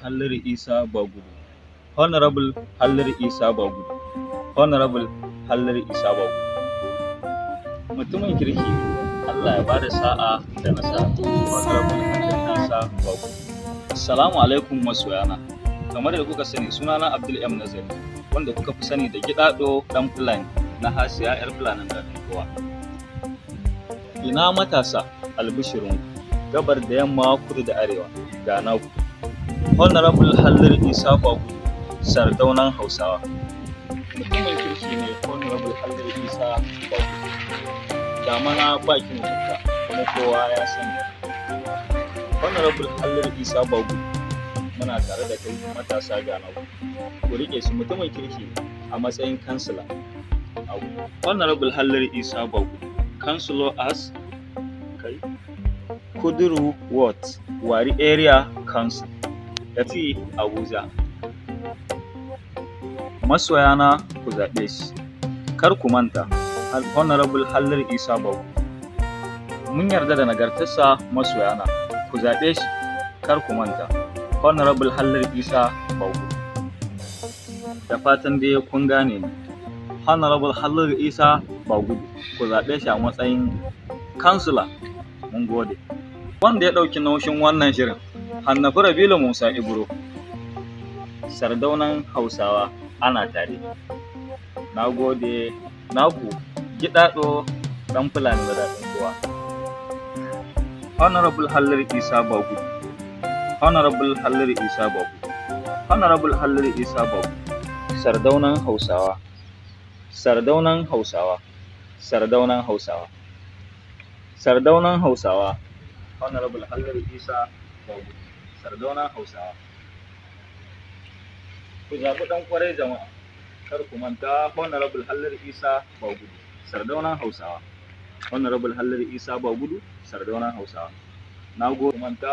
Halliru Isa Bagudu. Honorable Halliru Isa Bagudu. Honorable Halliru Isa Bagudu. Mutumin kirki Allah ya bada sa'a da nasa Honorable Halliru Isa Bagudu. Assalamu alaikum masoyana. Kamar da kuka sani sunana Abdul M Nazari wanda kuka fi sani da gidado dan Fulani na Hasiya yar Fulanin da kowa. Ina matasa albishirin? gabar da yamma kudu da arewa ga naku honorable hallar isa kwagu sardaunan hausawa mutumin kirki ne honorable hallar isa kwagu damana bakin hukka kuma kowa ya sani honorable hallar isa kwagu muna tare da kai matasa ga naku ku rike shi mutumin kirki a matsayin kansila honorable hallar isa kwagu councilor as kai kuduru ward wari area council Rafi Abuja. Masoyana ku zaɓe shi, kar ku manta, Honorable Hallar Isa Bawu. Mun yarda da nagartarsa masoyana, ku zaɓe shi, kar ku manta, Honorable Hallar Isa Bawu. Da fatan dai kun gane ni. Honorable Hallar Isa Bawu ku zaɓe shi a matsayin kansula. Mun gode. Wanda ya ɗauki naushin wannan shirin. Hannafi Rabilu Musa Ibro, sardaunan Hausawa ana tare. Na gode, na naku gidaɗo ɗan Fulani da daɗin kowa. Honorable Hallar Isa Baku, Honorable Hallar Isa Baku, Honorable Hallar Isa Baku, sardaunan Hausawa, sardaunan Hausawa, sardaunan Hausawa. Sardaunan Hausawa, Honorable Hallar Isa Baku. sardauna hausawa ku zaɓi ɗan ƙwarai jama'a kar ku manta honorable hallar isa ba gudu sardauna hausawa honorable hallar isa ba gudu sardauna hausawa na gode manta